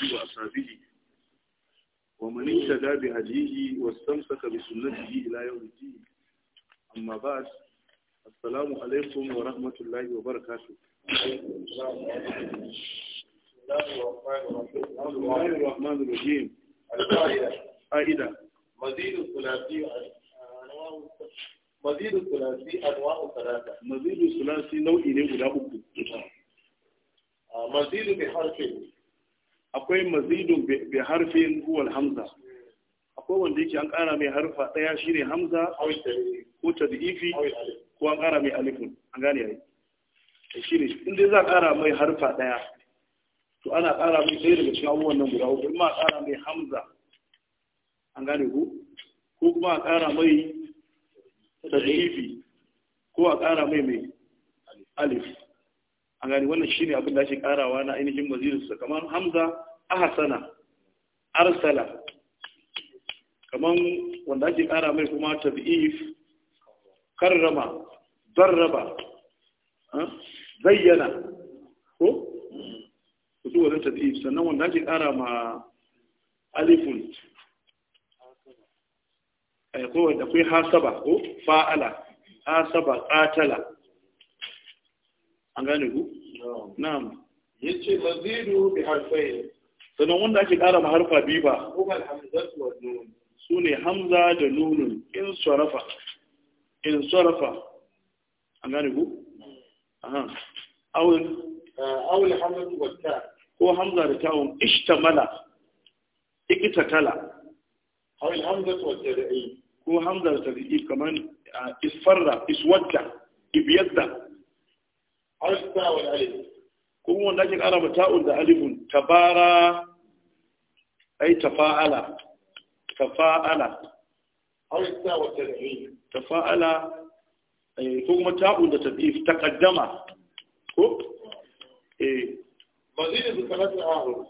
alihi wa ashabihi wa man ihtada bi hadihi wa istamsaka bi sunnatihi ila yawm al-din amma ba'd assalamu الرحمن الرحيم القاعدة مزيد الثلاثي مزيد الثلاثي أنواع ثلاثة مزيد الثلاثي نوعين guda uku mazidu bi akwai mazidun bi harfin huwal hamza akwai wanda yake an ƙara mai harfa ɗaya shine hamza ko Ifi ko an ƙara mai alifun an gane yayi shine in dai za a ƙara mai harfa ɗaya to ana ƙara mai sai daga cikin abubuwan nan guda uku ma a ƙara mai hamza an gane ku ko kuma a ƙara mai Ifi ko a ƙara mai mai alif a gani wannan shi ne abin da shi karawa na ainihin wazirinsa kamar hamza ahasana arsala kamar wanda ake kara mai kuma tabi'if karrama zarraba, zayyana ko kusur wajen tabi'if sannan wanda ake kara ma alifun eh, akwai hasaba ko fa'ala hasaba ƙatala an gane ku na'am zai duhu bi harfai sannan wanda ake ƙara ma harfa biyu ba su ne hamza da nunun in sarrafa in sarrafa an gane ku aha awul eh, awul hamza wa ta ko hamza da ta'un ishtamala ikitatala awul hamza da tad'i ko hamza da tad'i kamar. Eh, isfarra iswadda ibiyadda alif ta wal alif kuma wanda ake kara ma ta'un da alifun tabara ai tafa'ala tafa'ala alif ta wal tad'if tafa'ala eh ko kuma ta'un da tad'if taqaddama ko eh mazidun bi salati ahruf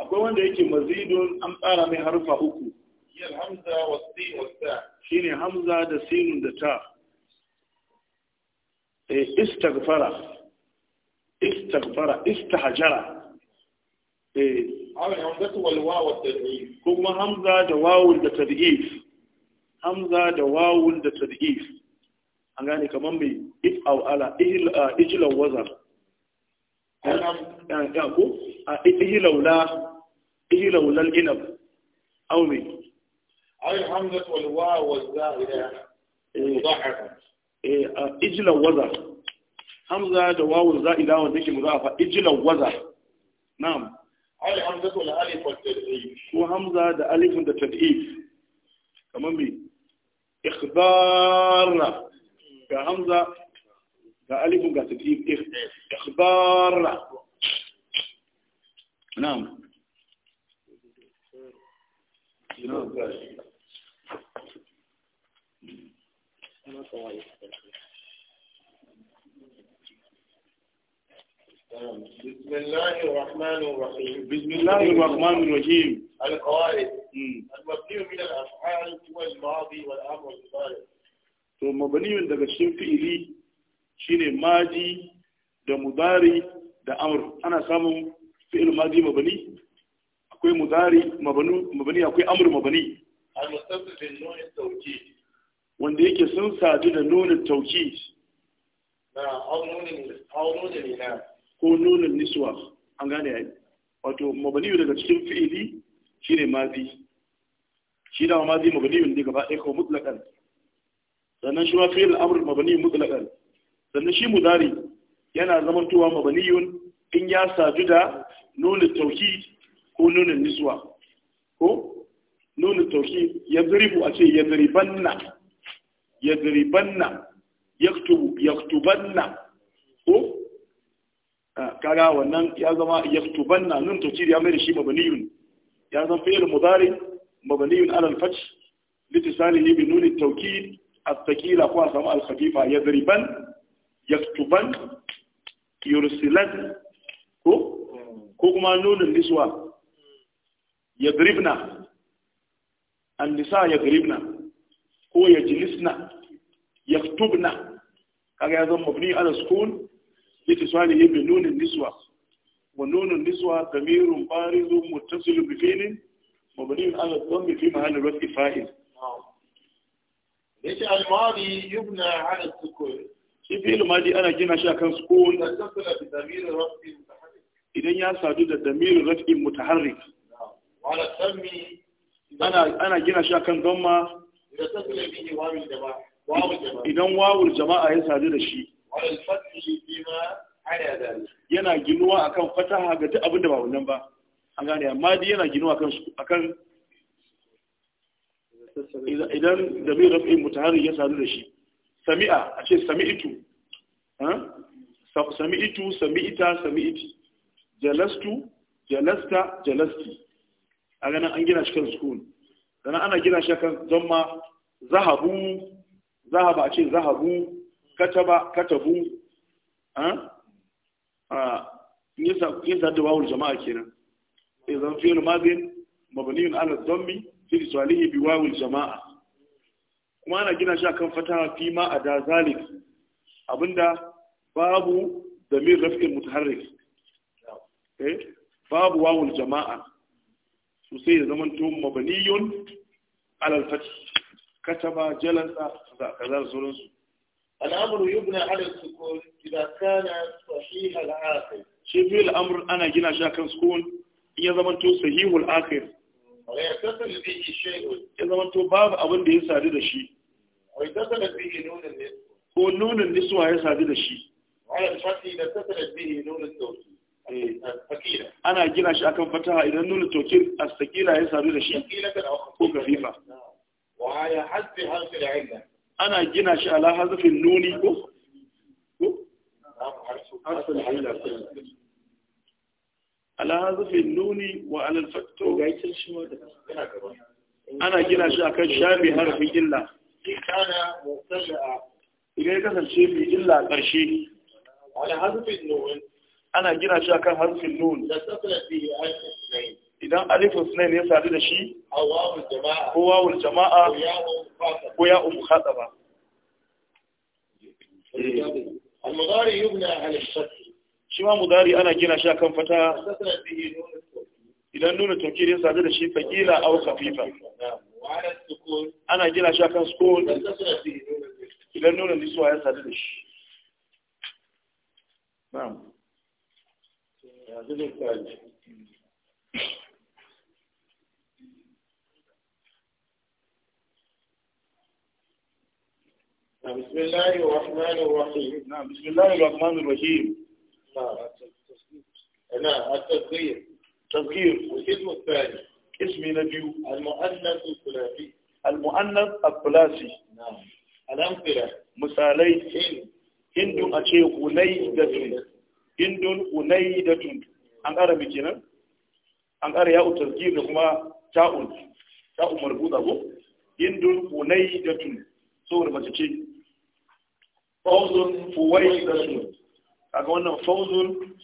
akwai wanda yake mazidun an tsara mai harfa uku yal hamza was sin was ta shine hamza da sinun da ta إيه، استغفر استغفر استحجر إيه همزة دواو التدعيف همزة دواو التدعيف أغاني كمان بي إف أو ألا إهل آه، إجل وزر يعني، يعني، آه، إهل أولا إهل أولا الإنب أو مي أي الحمزة والواو والزاهدة إيه. مضاحفة Eh, ijilan waza hamza da wawun za'ila wanda a muzafa ijilan waza na'am al hamzatu la alif wa tad'if ko hamza da alifun da tad'if kamar me ikhbarna ga hamza ga alifun ga tad'if ikhbarna na'am na'am بسم الله الرحمن الرحيم بسم الله الرحمن الرحيم القواعد المبني من الافعال الماضي والامر المضارع to mabaniyin daga cikin fi'ili shine maji da mudari da amr ana samun fi'il maji mabani akwai mudari mabani akwai amr mabani al wanda yake sun sadu da nunin tauki ko nunin niswa an gane ya yi wato mabaniyu daga cikin fi'ili shi ne mazi shi dama mazi mabaniyu ne gaba ɗaya kawo mutlaƙar sannan shi ma fi'il amur mabaniyu mutlaƙar sannan shi mudari yana zamantowa mabaniyu in ya sadu da nunin tauki ko nunin niswa ko nunin tauki ya zuribu a ce ya zuriban na yadribanna yaktubu yaktubanna ko ah, kaga wannan ya zama yaktubanna nun tafsir ya mai da shi mabaniyun ya zama fi'il mudari mabaniyun ala al-fath litisalihi bi nun at-tawkid at-thaqila ko sama al-khafifa yadriban yaktuban yursilan ko ko kuma nunin liswa. yadribna an-nisa yadribna ko ya jilisna ya tubna kaga ya zama mabni ala sukun litisali ya bi nunin niswa wa nunin niswa damirun barizun muttasilu bi filin mabni ala dhammi fi mahalli rafi fa'il yace al idan ya sadu da damirin rafi mutaharrik ana gina shi akan zama? idan wawul jama'a ya sadu da shi yana ginuwa akan fataha ga duk abin da ba wannan ba an gane amma dai yana ginuwa akan akan idan da bai rafi mutahari ya sadu da shi sami'a a ce sami'itu sami'itu sami'ita sami'iti jalastu jalasta jalasti a ganin an gina shi kan sannan ana gina shi kan zamma zahabu zahaba a ce zahabu kataba katabu a yin sa da wawul jama'a kenan sai zan fiye mazin mabaniyun ala zammi fi iswalihi bi wawul jama'a kuma ana gina shi kan fata fi ma a da zalik abinda babu damir rafin Eh babu wawul jama'a su sai ya zama to mabaniyun alal fath kataba jalasa da kazar yi guna halin su ko gida kana sahih al-akhir shi fi al'amr ana gina shi akan sukun in ya zama to sahihul akhir ya zama to babu abin da ya sadu da shi ko nunin niswa ya sadu da shi Eh, ana gina shi akan fataha idan nuna tokir astakila ya sadu da shi ko gafifa ana gina shi ala hazafin nuni ko ala hazafin nuni wa alal fakto ana gina shi akan shafi harfin illa idan ya kasance mai illa ƙarshe ala hazafin nuni ana gina shi akan harfin nun idan alifin sunayin ya sadu da shi ko wawul jama'a ko ya umu haɗa ba shi ma mudari ana gina shi akan fata idan nuna tokiri ya sadu da shi fakila au kafifa ana gina shi akan sukun idan nuna nisuwa ya sadu da shi na'am نعم، بسم الله الرحمن الرحيم نعم بسم الله الرحمن الرحيم نعم نعم التذكير تذكير والاسم الثاني اسمي نجيو المؤنث الثلاثي المؤنث الثلاثي نعم الأمثلة مثالي هند أشيخ ولي دفن hindun unai da tun an ƙara mai nan an ƙara ya'u tasgir da kuma ta'un ta'un marbuta ko hindun unai da tun saboda mace ce fauzun fuwai da tun kaga wannan fauzun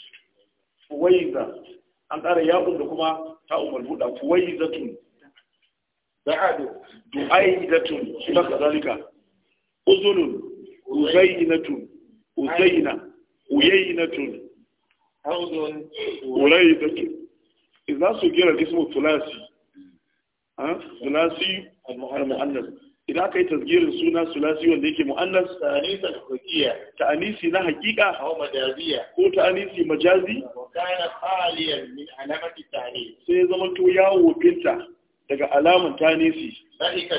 fuwai da an ƙara ya'un da kuma ta'un marbuta fuwai da tun da'adu du'ai da tun shi ba ka zalika uzunun uzainatun uzaina uyayinatun hauzun uraidatun su gira ismu tulasi ha tulasi al-mu'annas idan yi tasgirin suna tulasi wanda yake mu'annas ta'anisa hakiya ta'anisi na hakika ko ta'anisi majazi kana khaliyan sai zama to yawo binta daga alaman ta'anisi sai ka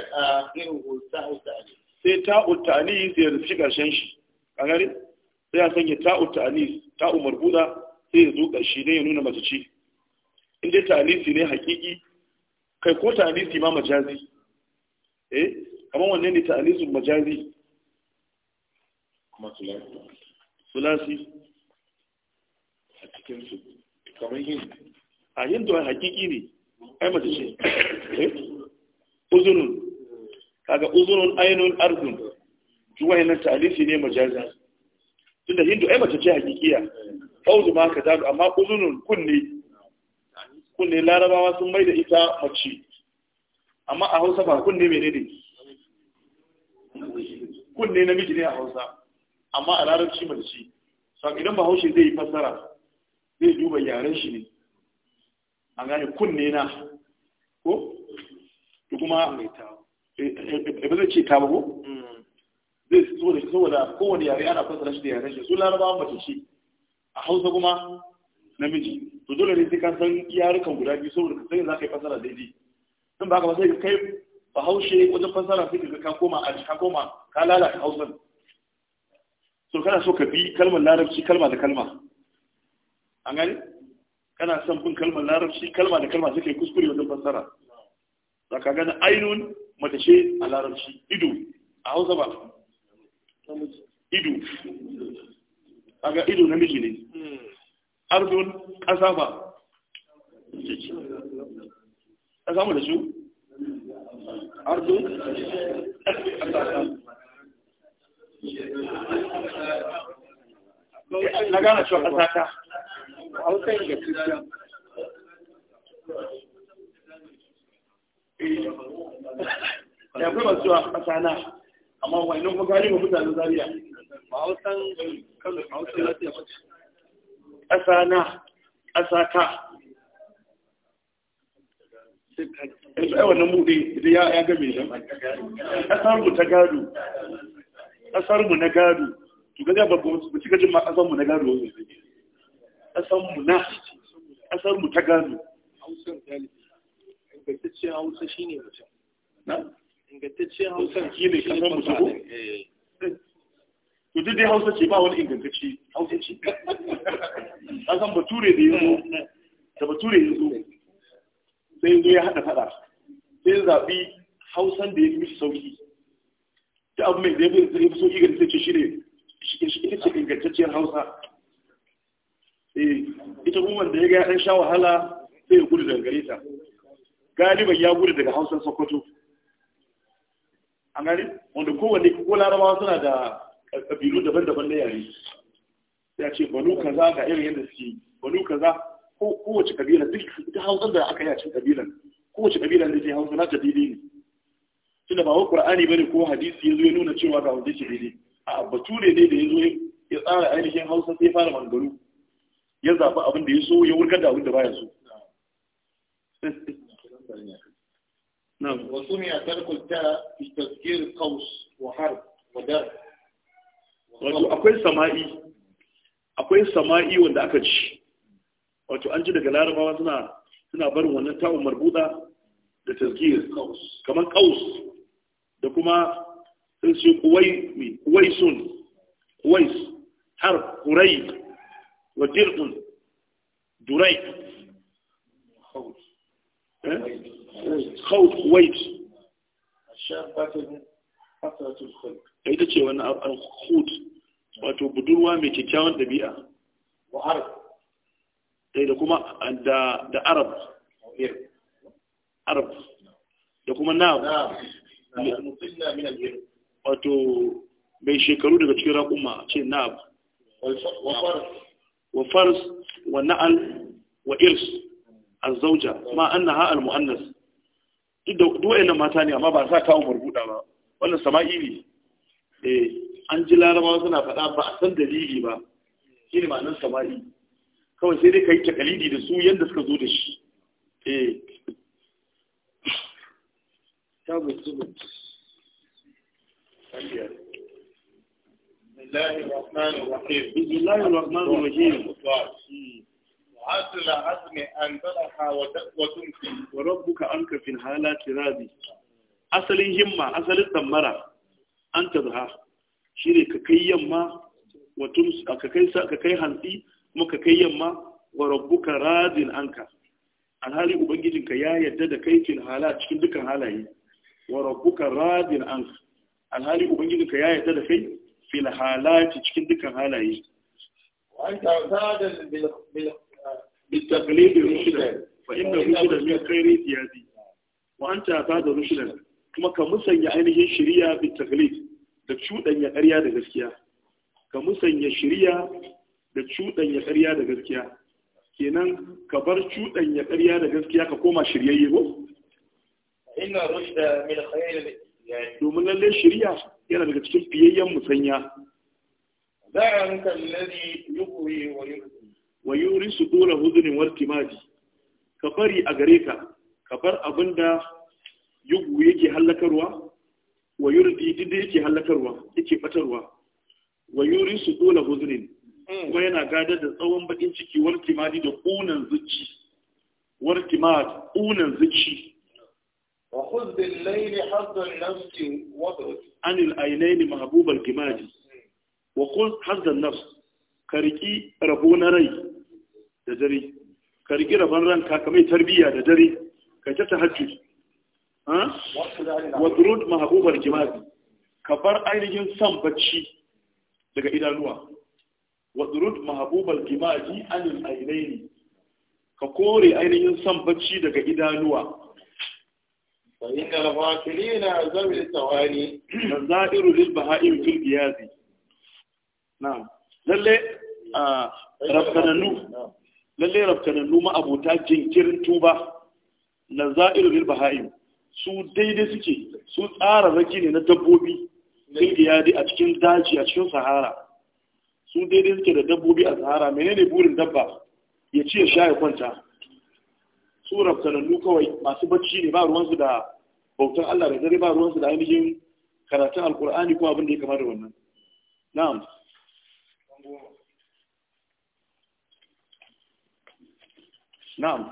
ta'anis sai ta'u ta'anis ya rufi karshen shi a sai ya sanya ta'u ta'anis ta'u marbuda sai ya zo ƙarshe ne ya nuna mace ce in dai ta'anisi ne hakiki kai ko ta'anisi ma majazi eh kamar wanne ne ta'anisun majazi kuma sulasi a cikin su kamar yin a yin to hakiki ne ai mace ce eh, uzunun kaga uzunun ainihin ardun juwa yana ta'anisi ne majazi tunda hindu ai mace ce hakikiya fauzu ma ka zaru amma uzunun kunne kunne larabawa sun mai da ita mace amma a hausa ba kunne mai ne kunne namiji ne a hausa amma a larabci mace so idan ba haushe zai yi fassara zai duba yaren shi ne a gane kunne na ko kuma eh, eh, eh, ba zai ce ta ba ko mm. zai so da saboda kowane yare ana fassara shi da yaren shi su larabawa mace ce a hausa kuma namiji to dole ne sai ka san yarukan guda biyu saboda ka sani za ka yi fassara daidai in ba ka ba sai ka kai bahaushe wajen fasara sai ka ka koma a ka koma ka lalata hausan so kana so ka bi kalmar larabci kalma da kalma an gani kana son bin kalmar larabci kalma da kalma sai ka kuskure wajen fasara, za ka gani ainun mace ce a larabci ido a hausa ba ido aga ido na miji ne arzun kasa ba a samu da su arzun na gana cewa kasa ta a hausar da kristiyan ya kuma cewa kasa na amma wannan kuma galiba mutanen zariya ba hausan kano a hausan lafiya ba ƙasa na ƙasa ta eh, ai wannan buɗe ya ya game shi ƙasar mu ta gado ƙasar mu na gado to gaza ba mu cika jin ma ƙasar mu na gado ne ƙasar mu na ƙasar mu ta gado hausar galibi bai ta ce hausa shine mutum ingantacciyar hausa shi ne kasar mu shigo eh, eh. to duk dai hausa ce ba wani ingantacce hausa ce ka san bature da yanzu da bature yanzu sai yanzu ya haɗa faɗa sai zaɓi hausan da ya fi mishi sauki ta abu mai da ya fi sauki ga ta shi ne ita ce ingantacciyar hausa eh, ita kuma wanda ya ga ɗan sha wahala sai ya gudu daga gare ta galiban ya gudu daga hausan sokoto an gani wanda kowanne ko larabawa suna da kabilu daban-daban na yare ya ce banu kaza ga irin yadda suke banu kaza kowace kabila duk ta hausar da aka yi a kabilan kowace kabila da ke hausa na ta daidai ne tunda ba wai qur'ani bane ko hadisi yazo ya nuna cewa ga wanda ke daidai a bature ne da yazo ya tsara ainihin hausa sai fara mangaru ya zaɓi abin da ya so ya wurgar da abin da baya so نعم وسمع ترك التاء في تذكير قوس وحرب ودرب wato akwai sama'i akwai sama'i wanda aka ci wato an ji daga larabawa suna suna barin wannan ta'un marbuda da tazkir kamar kaus da kuma sun ce kuwai mi kuwaisun kuwais har kurai wa dirqun durai eh khawf wait ita ce wani al-khut wato budurwa mai kyakkyawan dabi'a eh, da kuma da wato mai shekaru daga cikin raƙuma ce na'ab wa fars wa na'al wa irs azzauja ma duk nan mata ne amma ba sa kawo marbuda ba wannan ne eh an ji larabawa suna faɗa ba a san dalili ba shi ne ma'anar sama'i? kawai sai dai ka yi takalidi da su yadda suka zo da shi eh بسم الله الرحمن الرحيم بسم الله الرحمن الرحيم وحاصل عزم أن تلقى وتمشي وربك أنك في الحالات راضي asalin himma asalin tsammara an ta zuha shi ne ka kai yamma ka kai hantsi kuma ka kai yamma wa radin anka alhali ubangijinka ya yadda da kai fil hala cikin dukkan halaye wa rabbuka radin anka alhali ubangijinka ya yadda da kai fil halati cikin dukkan halaye wa anta zadan bil بالتقليد رشدا فإن رشدا من خير ديازي وأنت أفاد رشدا كما كمسن يعينه شريعة بالتقليد da cuɗanya ƙarya da gaskiya ka musanya shirya da cuɗanya da gaskiya kenan ka bar ya ƙarya da gaskiya ka koma shiryayye ko? Ina rushda min khayr domin lalle shirya yana daga cikin fiyayyen musanya. Za a hankali lalli yukuyi wa yukuyi. wa yuri su dole huzunin warki maji ka bari a gare ka ka bar abin da yugu yake hallakarwa wa yuri didi da yake hallakarwa yake batarwa wa yuri su dole huzunin hmm. kuma yana gadar da tsawon bakin ciki warki maji da kunan zuci warki maji kunan zuci wa khudh bil layli haddan nafsi wadud anil al aynayn kimaji hmm. wa khudh haddan nafsi ka riƙi rabo na rai da dare ka riƙi rabon ranka ka mai tarbiyya da dare ka ta tahajjud wa durud mahabubar jima'i ka bar ainihin son bacci daga idanuwa wa durud mahabubar jima'i anil ainihi ka kore ainihin son bacci daga idanuwa فإن الغافلين ذوي الثواني نظائر للبهائم في الجهاد نعم لله ربنا نوح lalle rabtanannu ma'abota jinkirin tuba na za'iru lil baha'im su daidai suke su tsara raki ne na dabbobi sun giyadi a cikin daji a cikin sahara su daidai suke da dabbobi a sahara menene burin dabba ya ci ya sha ya kwanta su rabtanannu kawai masu bacci ne ba ruwansu da bautar Allah da dare ba ruwansu da ainihin karatun alkur'ani ko abin da ya kama da wannan na'am na'am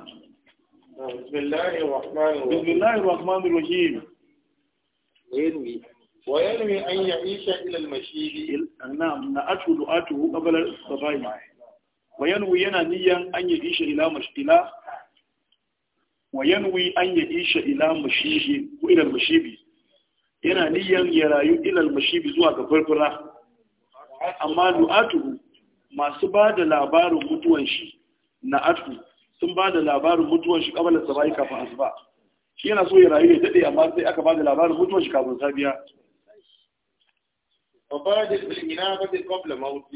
bismillahir rahmanir rahim bismillahir rahmanir rahim وينوي وينوي أن يعيش إلى المشيد نعم نأته دعاته قبل الصباح وينوي ينا نيا أن يعيش إلى مشيد وينوي أن يعيش إلى مشيد وإلى المشيد ينا نيا يرايو إلى المشيب زوا كفرفرة أما دعاته ما سبا da labarin mutuwan shi sun ba da labarin mutuwar shi kabalar sa bai kafin asuba shi yana so ya rayu ya dade amma sai aka ba da labarin mutuwar shi kafin safiya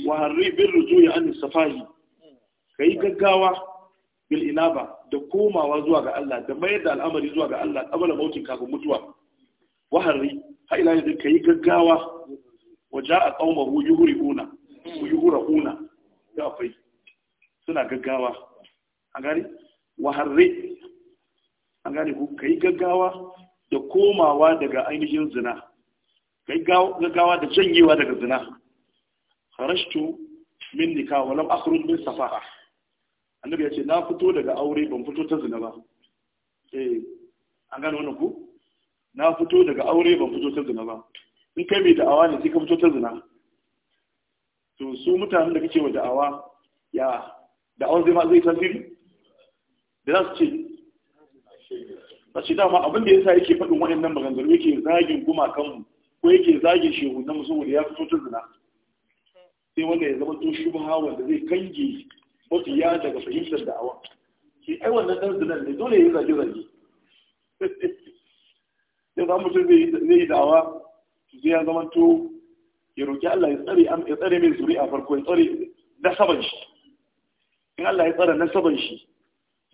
wa harri bin rujui an safahi kai gaggawa bil inaba da komawa zuwa ga Allah da mayar da al'amari zuwa ga Allah kabala mautin kafin mutuwa wa harri ha ila yadin kai gaggawa wa ja'a qaumahu yuhriquna yuhriquna ya fai suna gaggawa a gani waharre a gani ku ka yi gaggawa da komawa daga ainihin zina ka yi gaggawa da janyewa daga zina harashtu min nika walam akhruj min safaha annabi ya ce na fito daga aure ban fito ta zina ba eh an gane wannan ku na fito daga aure ban fito ta zina ba in kai mai da'awa ne sai ka fito ta zina to su mutanen da kake wa da'awa ya da'awar zai ma zai tasiri da za su ce a ce dama abin da sa yake faɗin waɗannan maganganu yake zagin gumakanmu ko yake zagin musu saboda ya fito ta zina sai wanda ya zama to hawa da zai kange ya daga fahimtar da'awa ke ai wannan ɗan zinan ne dole ya zage zage sai za mutum zai yi da'awa zai ya zama to ya roƙi Allah ya tsare ya tsare mai zuri'a farko ya tsare nasaban shi in Allah ya tsare nasaban shi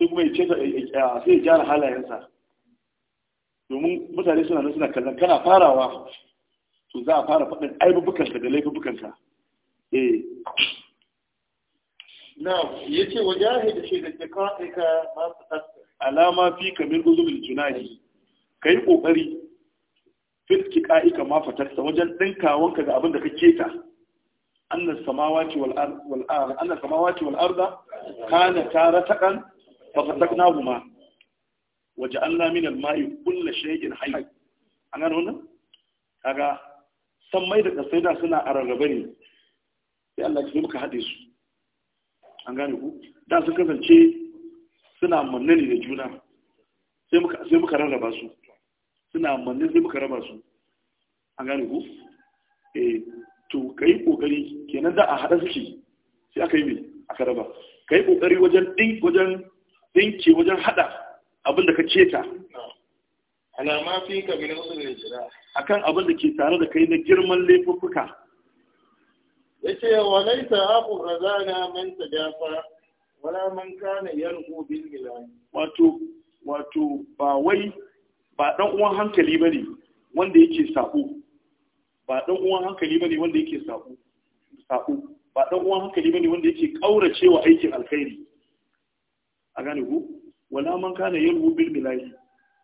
sai kuma ya ce sai ya gyara halayensa domin mutane suna nan suna kallon kana farawa to za a fara faɗin aibubukanka da laifubukanka eh na ya ce wa jahil shi da ke kawai ka masu alama fi kamar guzumin junahi ka yi ƙoƙari fiski ka'ika ma fatarsa wajen ɗinkawanka ga abin da ka keta annas samawati wal arda kana taratakan ففتقناهما وجعلنا من الماء كل شيء حي an gano wannan kaga san mai da kasai da suna a rarrabe ne sai Allah ya muka haɗe su an gane ku da sun kasance suna manne ne da juna sai muka sai muka rarraba su suna manne sai muka raba su an gane ku eh to kai kokari kenan da a hada suke sai aka yi me aka raba kai kokari wajen din wajen dinki wajen hada abin da ka ala ma fi ka min usulul jira akan abin da ke tare da kai na girman laifuffuka yace wa laita aqu razana man tajafa wala man kana yarqu bil ilahi wato wato ba wai ba dan uwan hankali bane wanda yake sako ba dan uwan hankali bane wanda yake sako sako ba dan uwan hankali bane wanda yake kaurace wa aikin alkhairi a gane ku wala man kana yin bil bilahi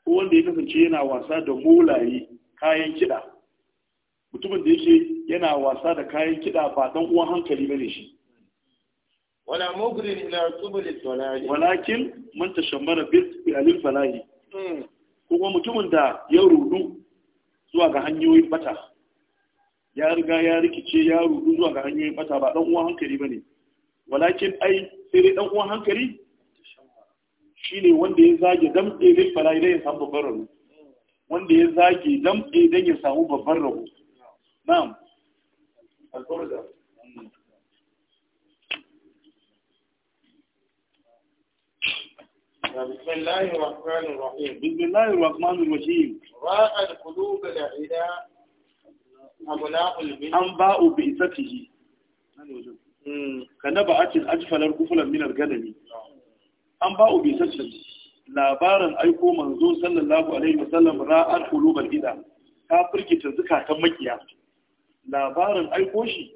ko wanda ya kasance yana wasa da molaye kayan kiɗa mutumin da yake yana wasa da kayan kiɗa ba dan uwan hankali bane shi wala mugrin ila tubul salahi walakin man tashammara bil alil falahi hmm. kuma mutumin da ya rudu zuwa ga hanyoyin bata ya riga ya rikice ya rudu zuwa ga hanyoyin bata ba dan uwan hankali bane walakin ai sai dai dan uwan hankali shine wanda ya zage damɗe lil fara idan ya samu babban rabo wanda ya zage damɗe dan ya samu babban rabo na'am بسم الله الرحمن الرحيم بسم الله الرحمن الرحيم راء القلوب لعدا أبناء البنت أنباء بئسته كنبأة أجفل الكفل من الغنم an ba ubi sassan. labarin aiko manzo sallallahu alaihi wa sallam, ra'ar qulubal ida ta firgita zukatan makiya labarin aiko shi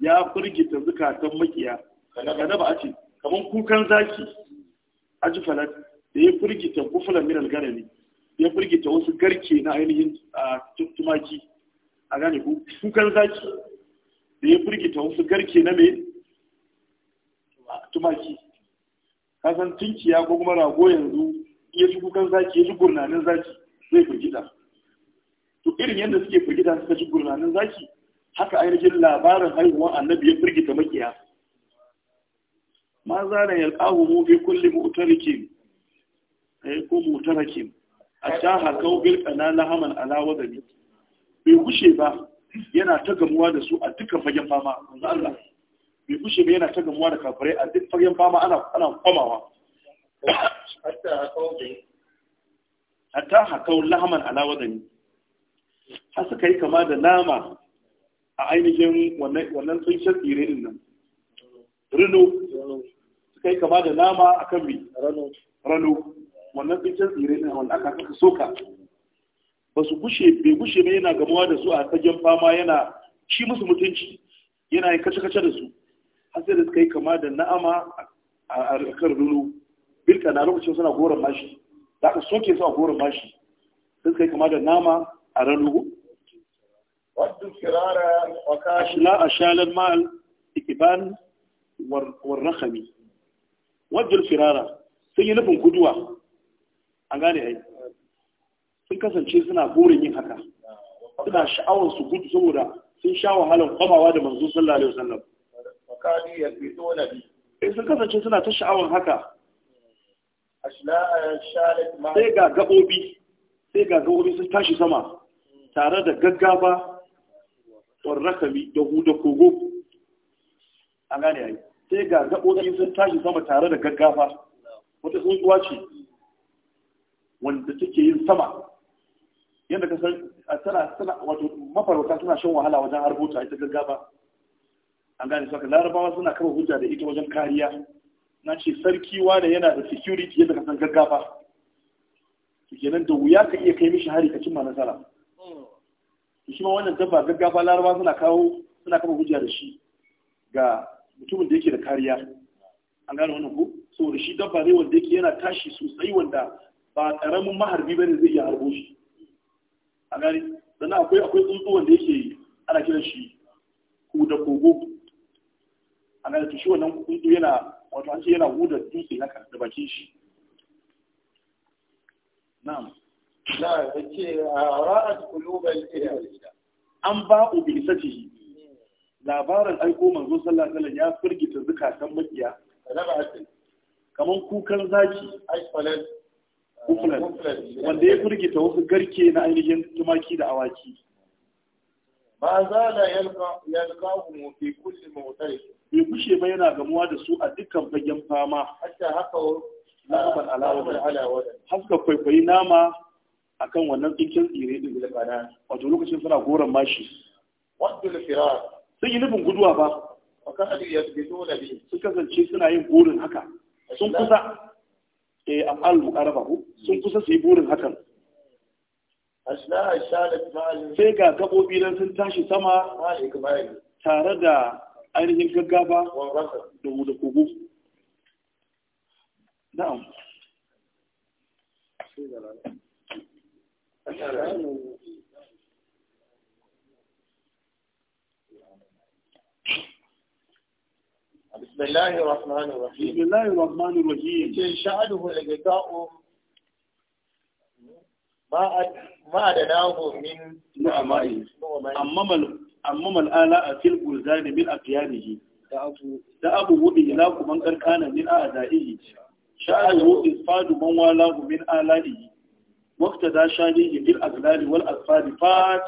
ya firgita zukatan makiya da ba a ce kaman kukan zaki aji falat da ya firgita kufulan min algarami ya firgita wasu garke na ainihin tumaki a gane kukan zaki da ya firgita wasu garke na mai tumaki ka san tunkiya ko kuma rago yanzu ya ji kukan zaki ya ji gurnanin zaki zai firgita to irin yadda suke firgita suka ji gurnanin zaki haka ainihin labarin haihuwan annabi ya firgita makiya ma za da yalƙahu mu fi kulli mu'tarikin eh ko mu'tarakin a shaha na kana alawa ala wadani bai kushe ba yana ta gamuwa da su a duka fagen fama Allah bai bushe ba yana ta gamuwa da kafirai a duk fagen fama ana ana komawa hatta haƙau lahaman ala wadani har suka yi kama da nama a ainihin wannan tsinshar tsire din nan rino suka yi kama da nama a kan mi rano wannan tsinshar tsire din wanda aka kaka soka ba su gushe bai gushe ba yana gamuwa da su a fagen fama yana ci musu mutunci yana yin kace-kace da su har da suka yi kama da na'ama a kan rulu bilka na lokacin suna goron mashi da aka soke su a goron mashi sai suka yi kama da nama a rulu wadda kirara wa kashila a shalin ma'al ikiban warrakami wadda kirara sun yi nufin guduwa an gane ai sun kasance suna burin yin haka suna sha'awar su gudu saboda sun sha wahalar kwamawa da manzo sallallahu alaihi wasallam kani ya fito na bi in sun kasance suna ta sha'awar haka sai ga gaɓoɓi sai ga gaɓoɓi sun tashi sama tare da gaggaba warrakami da hu da kogo an gane yayi sai ga gaɓoɓi sun tashi sama tare da gaggafa wata tsuntsuwa ce wanda take yin sama yadda ka san tana wato mafarauta suna shan wahala wajen harbota ita gaggaba an gane saka larabawa suna kafa hujja da ita wajen kariya na ce sarki wane yana da security yadda ka san gaggafa to kenan da wuya ka iya kai mishi hari ka cimma nasara to shi ma wannan dabba gaggafa larabawa suna kawo suna kafa hujja da shi ga mutumin da yake da kariya an gane wannan ko saboda shi dabba ne wanda yake yana tashi sosai wanda ba karamin maharbi ba ne zai iya harbo shi an gane sannan akwai akwai tsuntsu wanda yake ana kiran shi ku da kogo Ana da to shi wannan kuntu yana wato an ce yana hudar dutse na da bakin shi na'am na ya ce a ra'at kulubal ihya an ba bi satihi labarin aiko manzo sallallahu alaihi wasallam ya firgita zukatan makiya kaman kukan zaki wanda ya firgita wasu garke na ainihin tumaki da awaki ba za da yalka yalka fi kulli mawtari bai kushe ba yana gamuwa da su a dukkan fagen fama hatta haka alawa haska kwaikwayi nama a kan wannan tsinkin tsire ɗin da kana wato lokacin suna goron mashi da sun yi nufin guduwa ba akan ya da sun kasance suna yin burin haka sun kusa eh afal muqaraba ko sun kusa su yi burin hakan shalat ma'al sai ga gabobi nan sun tashi sama tare da ainihin gaggafa da da kogo na'am بسم الله الرحمن الرحيم بسم الله الرحمن الرحيم شعره الغذاء ما أدناه من نعمائه أمام amma mal'ala a fil gulzani min afiyanihi da abu wuɗi ila kuman karkana min a adaihi sha'ahu isfadu man wala min alaihi waqta da shadihi fil aglali wal asfadi fat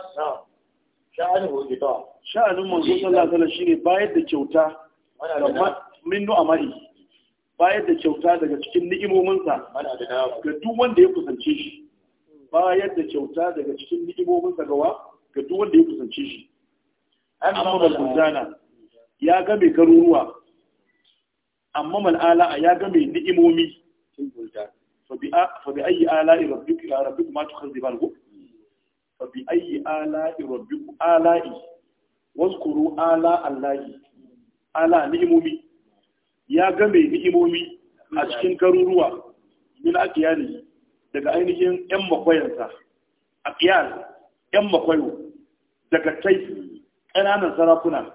sha'ahu ida sha'anun manzo sallallahu alaihi wasallam shine bayar da kyauta min nu'amai bayar da kyauta daga cikin ni'imominsa ga duk wanda ya kusance shi bayar da kyauta daga cikin ni'imominsa gawa ga duk wanda ya kusance shi amma muzana ya ga mai garuruwa amma mal'ala ya ga mai ni'imomi fa bi ayi ala'i rabbiku kuma ta ma tukazziban ku fa bi ayi ala'i rabbiku ala'i waskuru ala allahi ala ni'imomi ya ga mai ni'imomi a cikin garuruwa min akiyani daga ainihin yan makwayansa a akiyar yan makwayo daga taifi ƙananan sarakuna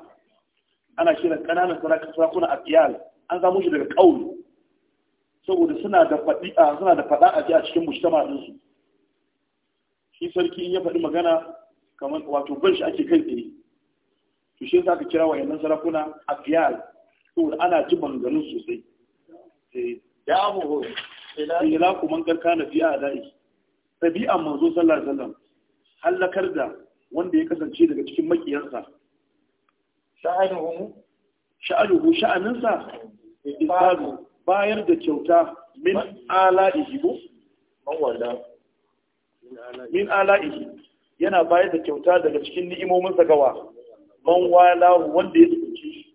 ana shirin ƙananan sarakuna a tsiyal an samu shi daga ƙauli saboda suna da faɗa a ji a cikin mujtama ɗinsu shi sarki in ya faɗi magana kamar wato ban shi ake kai tsaye to shi za ka kira wa yannan sarakuna a fiyal saboda ana ji maganganun sosai eh. ya abu ila kuma karka na a da'i ɗabi'an manzo sallallahu alaihi wasallam hallakar da wanda ya kasance daga cikin makiyarsa sha'anuhu sha'aninsa ifadu bayar da kyauta min ala'ihi ko min ala'ihi yana bayar da kyauta daga cikin ni'imomin gawa man wala wanda ya tsinci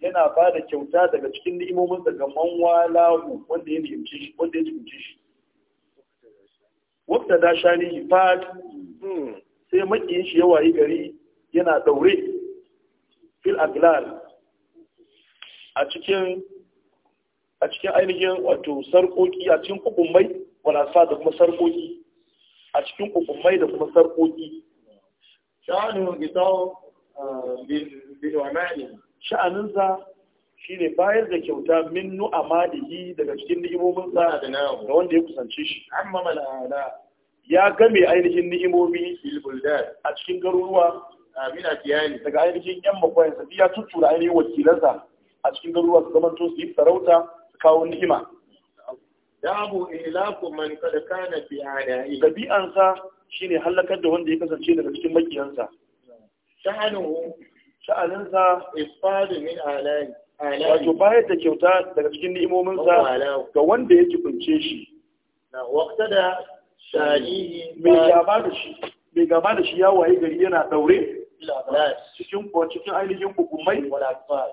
yana ba da kyauta daga cikin ni'imomin ga man wala wanda ya tsinci shi wanda ya tsinci shi wanda da shani ifad hmm. sai makiyin shi ya wayi gari yana daure fil aglar, a cikin ainihin wato sarkoki a cikin kukumai wala sa da kuma sarkoki a cikin kukumai da kuma sarkoki ah, sha'aninsa shi ne bayar da kyauta min nu'ama da daga cikin sa da wanda ya kusance shi amma ya game ainihin ni'imomi a cikin garuruwa daga ainihin yan makwayan sa ya tuttura ainihin wakilansa a cikin garuruwa su zamanto su yi sarauta su kawo ni'ima dabu ilaku man kad kana fi adai dabi'an shine halakar da wanda ya kasance daga cikin makiyansa sha'anu sha'anin sa ifadu min alai wato bayar da kyauta daga cikin ni'imominsa ga wanda ya kibince shi na waqtada mai gaba da shi ya waye gari yana daure cikin cikin ainihin hukumai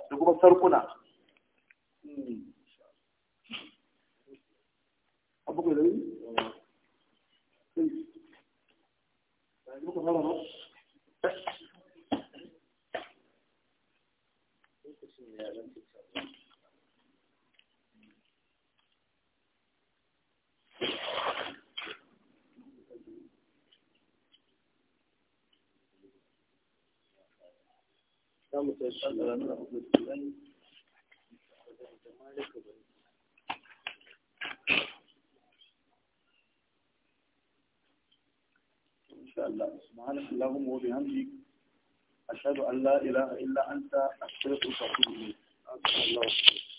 da kuma sarkuna Thank you. إن شاء الله سبحانك اللهم وبحمدك أشهد أن لا إله إلا أنت أستغفرك وأتوب إليك